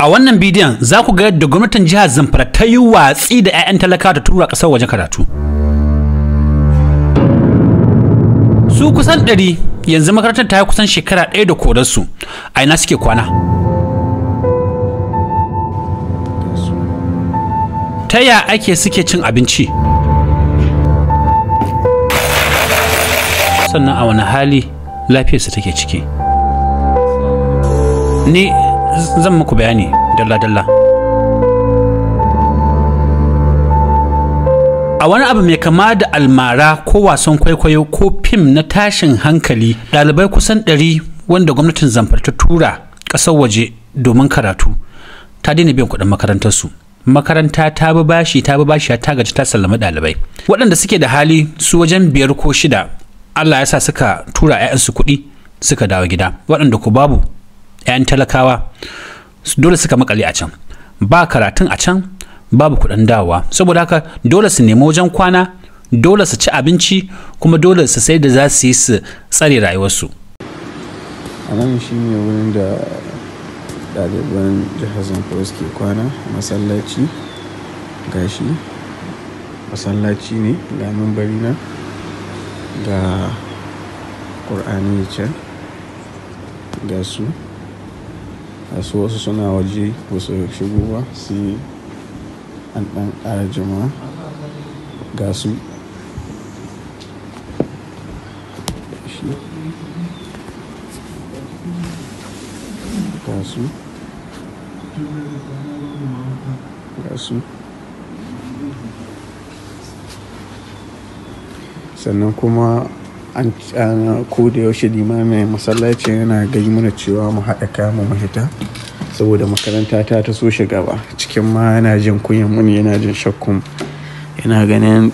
A wannan bidiyon za ku ga yadda gwamnatin jihar Zamfara ta yi watsi da 'ya'yan talaka da tura ƙasar waje karatu. Su kusan ɗari yanzu makarantar ta yi kusan shekara ɗaya da korarsu a ina suke kwana. Ta ya ake suke cin abinci? Sannan a wani hali lafiyarsu take ciki. Ni zan muku bayani dalla-dalla a wani abu mai kama da almara ko wasan kwaikwayo ko fim na tashin hankali ɗalibai kusan 100 wanda gwamnatin zamfara ta tura kasar waje domin karatu ta daina biyan kuɗin makarantarsu makaranta ta bi bashi ta bi bashi ta gaji ta sallama ɗalibai waɗanda suke da hali su wajen biyar ko shida Allah ya sa suka tura 'ya'yansu kuɗi suka dawo gida waɗanda ku babu 'yan talakawa dole suka makale a can ba karatun a can babu kuɗin dawowa saboda haka dole su nemi wajen kwana dole su ci abinci kuma dole su sai da za su yi su tsare rayuwarsu a nan shi ne wurin da ɗaliban jihar zamfara suke kwana masallaci gashi masallaci ne ga bari na ga ƙur'ani can ga su su wasu suna waje ba su shigo ba sai an ɗan ƙara jama'a ga su ga su ga su sannan kuma an ko da yaushe limamin masallaci yana gani mana cewa mu haɗa kaya mu mahita saboda makaranta ta ta so shi gaba cikin ma yana jin kunyan muni yana jin shakkun yana ganin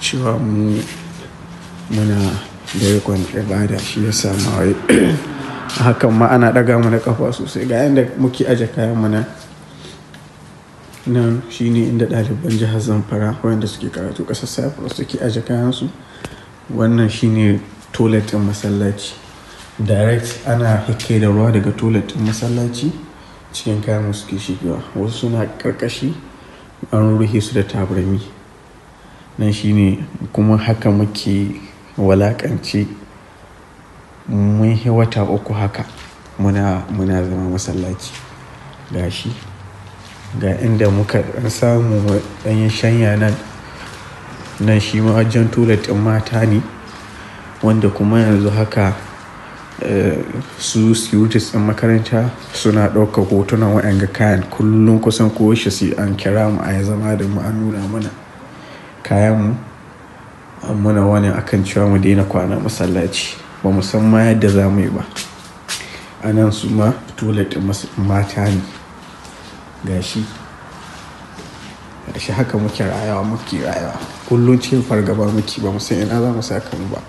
cewa mu muna da rikon ibada shi ya sa a hakan ma ana ɗaga mana kafa sosai ga yadda muke aje kayan mu nan nan shine inda ɗaliban jihar zamfara wanda suke karatu ƙasar cyprus suke aje kayan su wannan shine toiletin ɗin masallaci direct ana hake da ruwa daga toilet masallaci cikin kayan suke shigewa wasu suna karkashi an ruhe su da tabarmi nan shine kuma haka muke walakance mun yi wata uku haka muna muna zama masallaci gashi ga inda muka samu ɗanyen shanya nan nan shi ma wajen ɗin mata ne wanda kuma yanzu haka eh, su securities ɗin makaranta suna ɗaukar hotunan waɗanga kayan kullum kusan koyaushe sai an kira mu a yi zama da mu an nuna mana kayan mu an muna wani akan cewa mu daina kwana masallaci ba mu san ma yadda za mu yi ba a nan su ma toilet mata ne gashi shi haka muke rayuwa muke rayuwa kullum cikin fargaba muke ba san ina za mu saka mu ba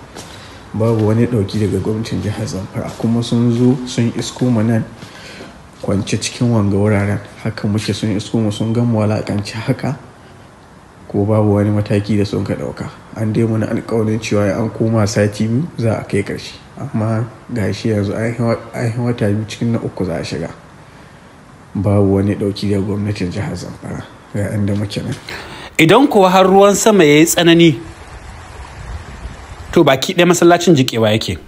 babu wani dauki daga gwamnatin jihar zamfara kuma sun zo sun isko mu nan kwance cikin wanga wuraren haka muke sun isko mu sun gama walakanci haka ko babu wani mataki da sun ka dauka an dai na alƙawarin cewa an koma sati biyu za a kai ƙarshe amma gashi shi yanzu yi wata biyu cikin na uku za a shiga babu wani dauki daga gwamnatin jihar zamfara ga muke nan idan kuwa har ruwan sama ya yi tsanani to baki ɗaya masallacin jikewa yake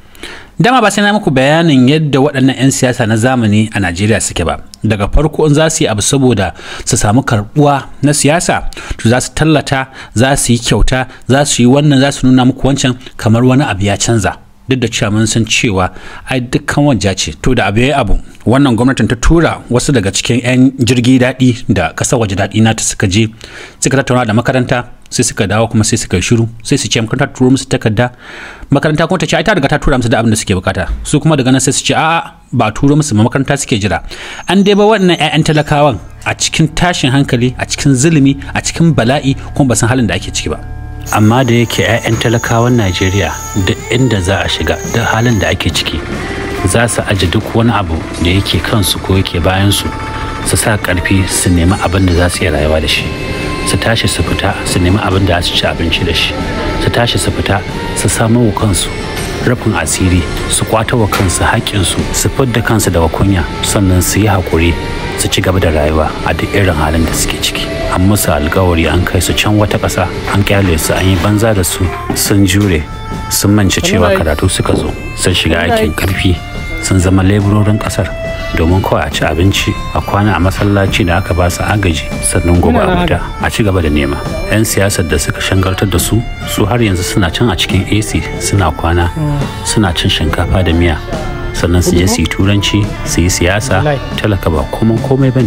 dama ba sai na muku bayanin yadda waɗannan 'yan siyasa na zamani a najeriya suke ba daga farko in za su yi abu saboda su samu karɓuwa na siyasa to za su tallata za su yi kyauta za su yi wannan za su nuna muku wancan kamar wani abu ya canza duk da cewa mun san cewa ai dukkan wajja ce to da abu yayi abu wannan gwamnatin ta tura wasu daga cikin 'yan jirgi daɗi da ƙasar waje daɗi na ta suka je suka tattauna da makaranta sai suka dawo kuma sai suka shiru sai su ce makaranta turo musu takarda makaranta kuma ta ce ai ta riga ta tura musu da abin da suke bukata su kuma daga nan sai su ce a'a ba turo musu ba makaranta suke jira an dai ba wannan 'ya'yan talakawan a cikin tashin hankali a cikin zulumi a cikin bala'i kuma ba san halin da ake ciki ba amma da yake 'ya'yan talakawan najeriya duk inda za a shiga duk halin da ake ciki za su aji duk wani abu da yake kansu ko yake bayansu su sa karfi su nemi abin da za su iya rayuwa da shi su tashi su fita su nemi abin da za su ci abinci da shi su tashi su fita su samu kansu rafin asiri su kwata wa kansu haƙƙinsu su fidda kansu daga kunya sannan su yi haƙuri su ci gaba da rayuwa a duk irin halin da suke ciki an musu alkawari an kai su can wata ƙasa an ƙyale su an yi banza da su sun jure sun manci cewa karatu suka zo sun shiga aikin ƙarfi sun zama leburorin kasar domin kawai a ci abinci a kwana a masallaci da aka ba su agaji sannan gobe abuda a ci gaba da nema yan siyasar da suka shangartar da su su har yanzu suna can a cikin ac suna kwana suna cin shinkafa da miya sannan su je su yi turanci su yi siyasa talaka ba komai komai ba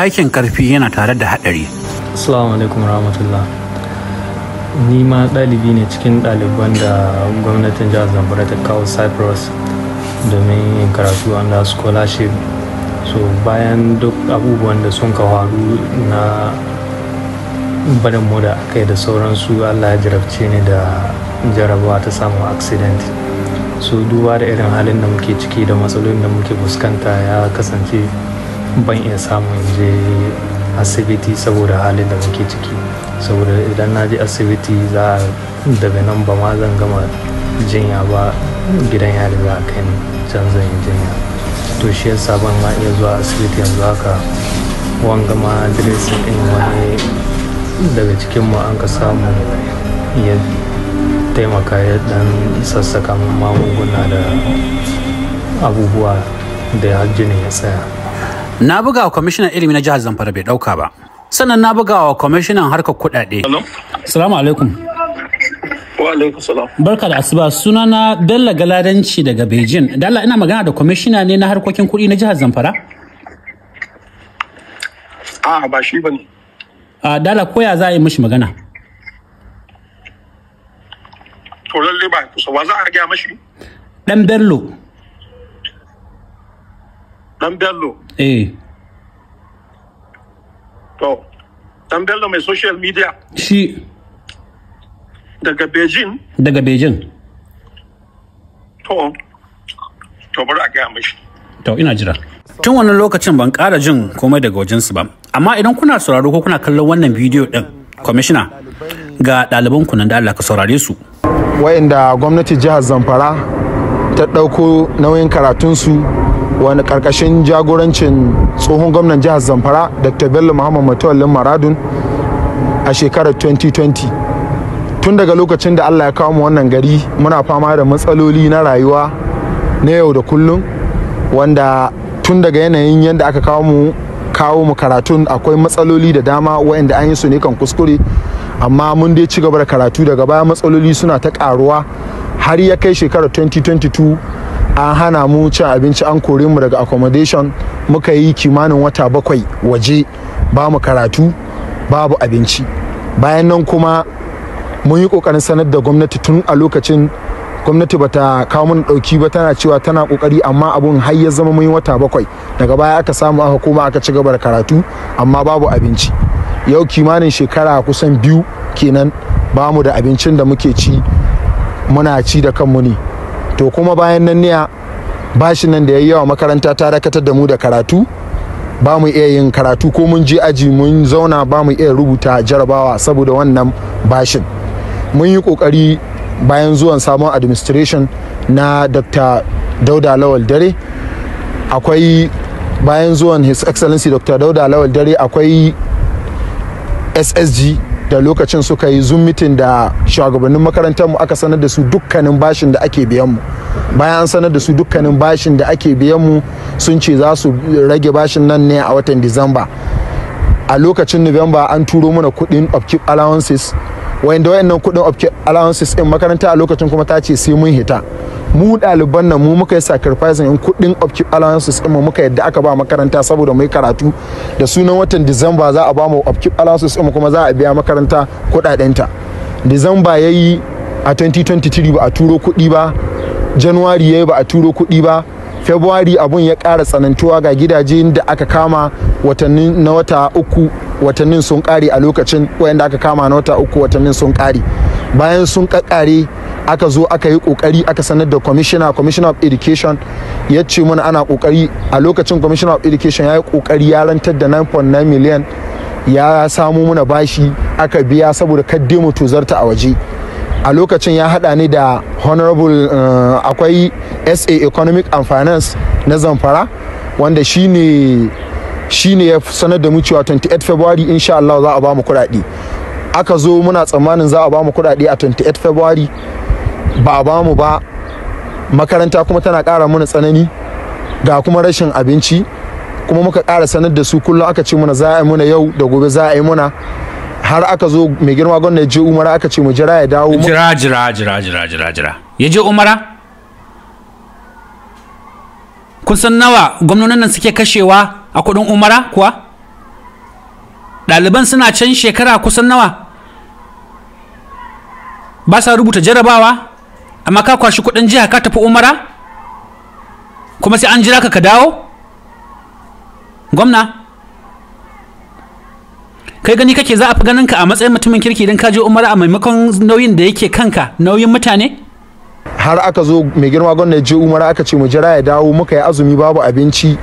aikin karfi yana tare da haɗari. Assalamu alaikum rahmatullah. Ni ma ɗalibi ne cikin ɗaliban da gwamnatin jihar Zamfara ta kawo Cyprus domin yin karatu under scholarship. So bayan duk abubuwan da sun faru na barin moda kai da sauransu Allah ya jarabce ni da jarabawa ta samun accident. So duba da irin halin da muke ciki da matsalolin da muke fuskanta ya kasance ban iya samun je asibiti saboda halin da muke ciki saboda idan na je asibiti za a daga nan ba ma zan gama jinya ba gidan yari za a kai can zan yi jinya to shi yasa ban ma iya zuwa asibiti yanzu haka wan gama dressing din wani daga cikin mu an ka samu ya taimaka ya dan sassaka magunguna da abubuwa da ya ya tsaya na buga wa kwamishinan ilimi na jihar zamfara bai dauka ba sannan na buga wa kwamishinan harkar kuɗaɗe salamu alaikum wa salam barka da asuba suna na bello galadanci daga beijing dalla ina magana da kwamishina ne na harkokin kuɗi na jihar zamfara a ba shi ba ne a dala koya za a yi mashi magana to lalle ba kusa wa za a gaya mashi dan bello dan bello eh to dan bello mai social media shi daga beijing daga beijing to to bari a gaya mashi to ina jira tun wannan lokacin ban ƙara jin komai daga wajensu ba amma idan kuna sauraro ko kuna kallon wannan bidiyo din kwamishina ga ɗaliban ku nan da Allah ka saurare su wayanda gwamnati jihar Zamfara ta ɗauko nauyin karatunsu wani karkashin jagorancin tsohon gwamnan jihar zamfara dr bello muhammad matawallin maradun a shekarar 2020 tun daga lokacin da allah ya kawo mu wannan gari muna fama da matsaloli na rayuwa na yau da kullum wanda tun daga yanayin yadda aka kawo mu kawo mu karatun akwai matsaloli da dama wayanda an yi su ne kan kuskure amma mun dai ci gaba da karatu daga baya matsaloli suna ta karuwa har ya kai shekarar 2022 an hana mu cin abinci an kore mu daga accommodation muka yi kimanin wata bakwai waje ba mu karatu babu abinci bayan nan kuma mun yi kokarin sanar da gwamnati tun a lokacin gwamnati bata kawo mun dauki ba tana cewa tana kokari amma abun har ya zama mun yi wata bakwai daga baya aka samu aka koma aka ci gaba da karatu amma babu abinci yau kimanin shekara kusan biyu kenan bamu da abincin da muke ci muna ci da kanmu ne to kuma bayan nan niya bashi nan da ya yi yawa makaranta ta dakatar da mu da karatu ba mu iya yin karatu ko mun je aji mun zauna ba mu iya rubuta jarabawa saboda wannan bashin mun yi kokari bayan zuwan samun administration na dr dauda lawal dare akwai bayan zuwan his excellency dr dauda lawal dare akwai ssg da lokacin suka yi zoom meeting da shugabannin makarantar mu aka sanar da su dukkanin bashin da ake biyan mu bayan an sanar da su dukkanin bashin da ake biyan mu sun ce za su rage bashin nan ne a watan disamba a lokacin november an turo mana kudin upkeep allowances wayanda wayannan kudin upkeep allowances din makaranta a lokacin kuma ta ce sai mun hita mu ɗaliban nan mu muka yi sacrifice in kuɗin of allowances ɗin mu muka yadda aka ba makaranta saboda mu karatu da sunan watan disamba za a ba mu of allowances ɗin kuma za a biya makaranta kuɗaɗenta disamba ya yi a 2023 ba a turo kuɗi ba january ya yi ba a turo kuɗi ba february abun ya ƙara tsanantuwa ga gidaje da aka kama watanni na wata uku watannin sun ƙare a lokacin wayanda aka kama na wata uku watannin sun ƙare bayan sun ƙaƙare aka zo aka yi kokari aka sanar da commissioner commissioner of education ya ce mana ana kokari a lokacin commissioner of education ya yi kokari ya rantar da 9.9 million ya samu muna bashi aka biya saboda kadde mu tuzarta a waje a lokacin ya hada ne da honorable uh, akwai sa economic and finance na zamfara wanda shine shine ya sanar da mu cewa 28 february insha Allah za a ba mu kuɗaɗe aka zo muna tsammanin za a ba mu kuɗaɗe a 28 february ba a bamu ba makaranta kuma tana ƙara mana tsanani ga kuma rashin abinci kuma muka ƙara sanar da su kullum aka ce muna za a yi muna yau da gobe za a yi muna har aka zo mai girma gwamna je umara aka ce mu jira ya dawo jira jira jira jira jira jira ya je umara kun san nawa gwamnonin nan suke kashewa a kudin umara kuwa ɗaliban suna can shekara kusan nawa ba sa rubuta jarabawa amma ka kwashi kudin jiha ka tafi umara kuma sai an jira ka ka dawo gwamna kai gani kake za a fi ganin ka a matsayin mutumin kirki idan ka je umara a maimakon nauyin da yake kanka nauyin mutane har aka zo mai girma gwamna je umara aka ce mu jira ya dawo muka yi azumi babu abinci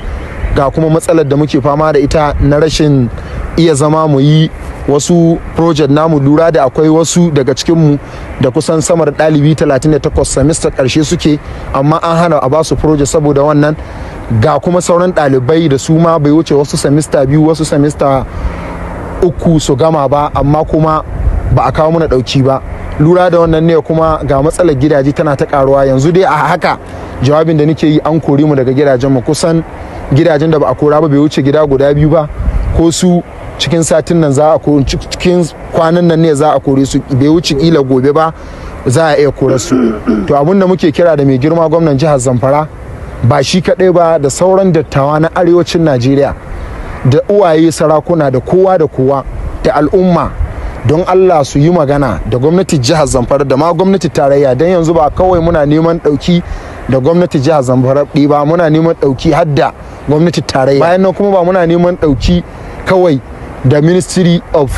ga kuma matsalar da muke fama da ita na rashin iya zama mu yi wasu project namu lura da akwai wasu daga cikinmu da kusan samar ɗalibi 38 semester karshe suke amma an hana a basu proje saboda wannan ga kuma sauran ɗalibai da su ma bai wuce wasu semester biyu wasu semester uku su gama ba amma kuma ba a kawo muna ɗauki ba lura da wannan ne kuma ga matsalar gidaje tana ta karuwa yanzu dai a haka jawabin da nake yi an kori mu daga gidajen mu kusan gidajen da ba a kora ba bai wuce gida guda biyu ba ko su cikin satin nan za a cikin kwanan nan ne za a kore su bai wuce kila gobe ba za a iya kore su to abin da muke kira da mai girma gwamnan jihar zamfara ba shi kadai ba da sauran dattawa na arewacin najeriya da uwaye sarakuna da kowa da kowa da al'umma don allah su yi magana da gwamnati jihar zamfara da ma gwamnati tarayya don yanzu ba kawai muna neman ɗauki da gwamnati jihar zamfara ba muna neman ɗauki hadda gwamnati tarayya bayan nan kuma ba muna neman ɗauki kawai da ministry of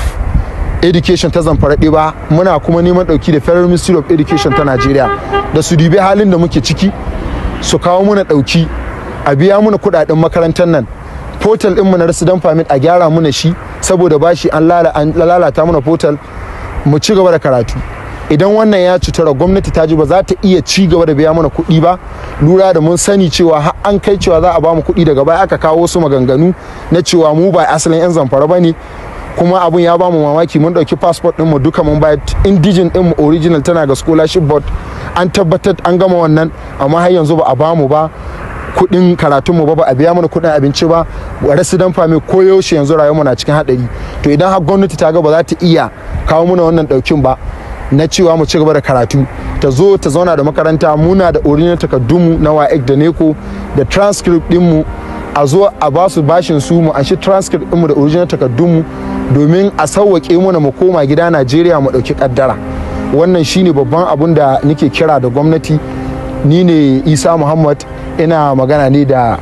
education ta zamfara ba muna kuma neman ɗauki da federal ministry of education ta nigeria da su dubi halin da muke ciki su kawo muna ɗauki a biya muna kuɗaɗen makarantar nan portal ɗinmu na resident permit a gyara muna shi saboda bashi an lalata muna portal mu ci gaba da karatu idan wannan ya cutura gwamnati ta ji ba za ta iya ci gaba da biya mana kuɗi ba lura da mun sani cewa har an kai cewa za a ba mu kuɗi daga baya aka kawo su maganganu na cewa mu ba asalin 'yan zamfara ba ne kuma abun ya mu mamaki mun ɗauki passport din mu duka mun bayar indigen din mu original tana ga scholarship board an tabbatar an gama wannan amma har yanzu ba a bamu ba kuɗin karatun mu ba ba a biya mana kuɗin abinci ba resident family ko yaushe yanzu rayuwar mu na cikin hadari to idan har gwamnati ta ga ba za ta iya kawo mana wannan ɗaukin ba na cewa mu ci gaba da karatu ta zo ta zauna da makaranta muna da original takardunmu na waek da neko da transcript dinmu a zo a ba su bashin su mu shi transcript dinmu da original takardunmu domin a sauwaƙe mu na mu koma gida najeriya mu ɗauki ƙaddara wannan shine babban abun da nake kira da gwamnati ni ne isa muhammad ina magana ne da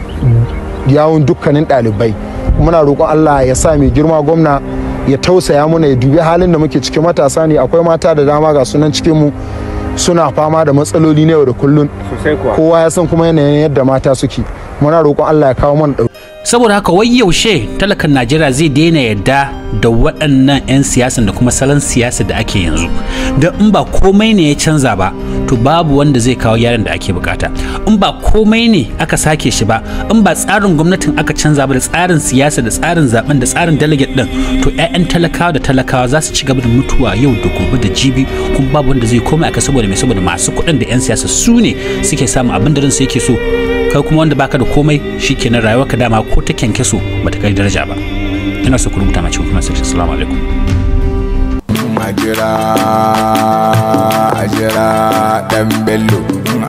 yawun dukkanin ɗalibai muna roƙon allah ya sa mai girma gwamna ya tausaya mana ya dubi halin da muke cikin matasa ne akwai mata da dama ga sunan cikin mu suna fama da matsaloli ne yau da kullun kowa ya san kuma yanayin yadda mata suke muna roƙon Allah ya kawo mana saboda haka wai yaushe talakan najeriya zai daina yadda da waɗannan 'yan siyasa da kuma salon siyasa da ake yanzu don in ba komai ne ya canza ba to babu wanda zai kawo yaran da ake bukata in ba komai ne aka sake shi ba in ba tsarin gwamnatin aka canza ba da tsarin siyasa da tsarin zaben da tsarin delegate din to 'ya'yan talakawa da talakawa za su ci gaba da mutuwa yau da gobe da jibi kuma babu wanda zai komai aka saboda mai saboda masu kuɗin da 'yan siyasa su ne suke samun abin da ransu yake so kai kuma wanda baka da komai shi rayuwa ka dama ko ta kyankyaso ta kai daraja ba ina so ku rubuta mace kuma sai assalamu alaikum ajira ajira dan bello